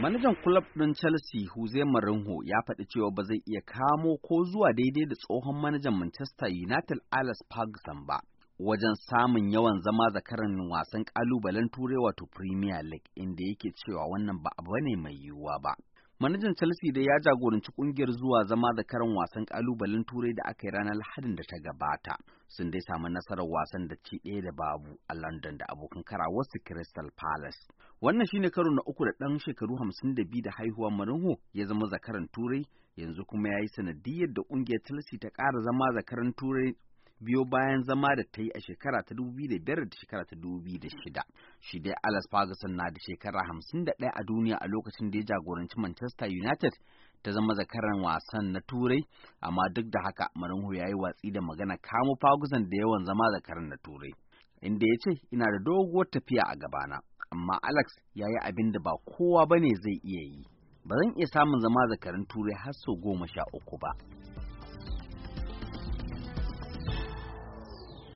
Manajan kulab ɗin Chelsea Jose Mourinho ya faɗi cewa ba zai iya kamo ko zuwa daidai da tsohon manajan Manchester United Alex Ferguson ba wajen samun yawan zama zakaran wasan ƙalubalen Turai wato Premier League inda yake cewa wannan ba abu ne mai yiwuwa ba. Manajan Chelsea dai ya jagoranci kungiyar zuwa zama da karin wasan kalubalen turai da aka yi ranar Lahadin da ta gabata. Sun dai samu nasarar wasan da ci ɗaya da babu a London da abokan karawarsu Crystal Palace. Wannan shine karo na uku da ɗan shekaru hamsin da biyu da haihuwar Marinho ya zama zakaran turai yanzu kuma ya yi sanadiyar da kungiyar Chelsea ta ƙara zama zakaran turai biyo bayan zama da ta yi a shekara ta dubu biyu da biyar da shekara ta dubu biyu da shida, Shi dai Alex Ferguson na da shekara hamsin da ɗaya a duniya a lokacin da ya jagoranci Manchester United ta zama zakaran wasan na Turai, amma duk da haka Marinho ya yi watsi da magana kamu Ferguson da yawan zama zakaran na Turai. Inda ya ce, ina da doguwar tafiya a gabana, amma Alex ya yi abin da ba kowa ba ne zai iya yi. Ba zan iya samun zama zakarin Turai har sau goma sha uku ba.